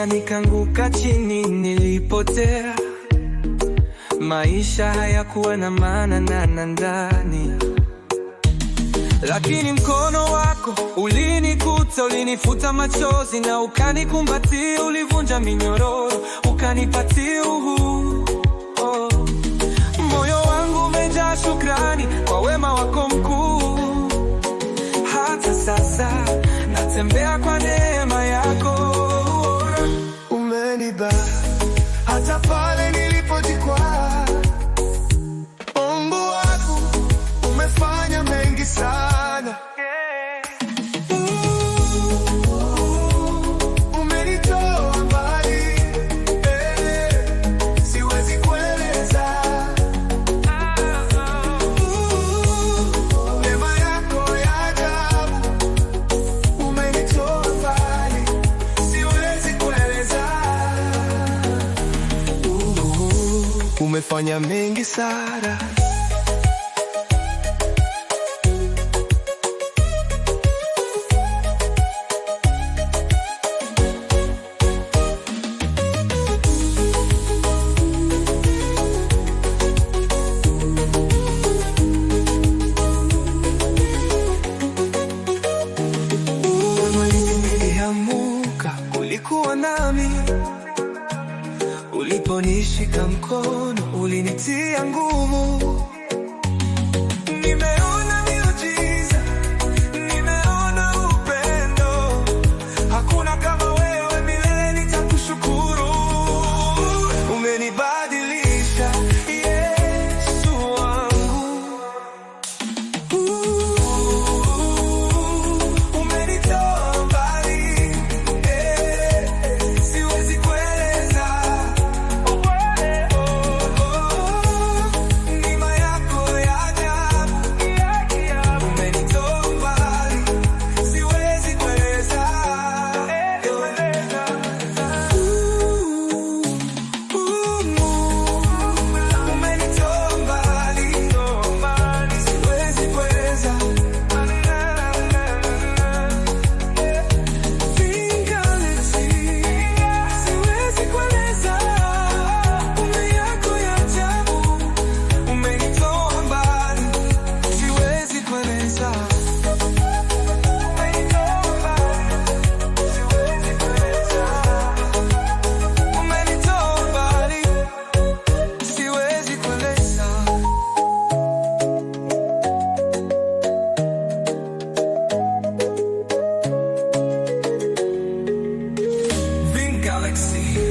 Nililia, nikanguka chini, nilipotea. Maisha hayakuwa na maana na ndani, lakini mkono wako ulinikuta, ulinifuta machozi na ukanikumbatia. Ulivunja minyororo, ukanipatia uhuru. Oh, moyo wangu umejaa shukrani kwa wema wako mkuu. Hata sasa natembea kwa umefanya mengi sana Uliponishika mkono ulinitia nguvu galaxy.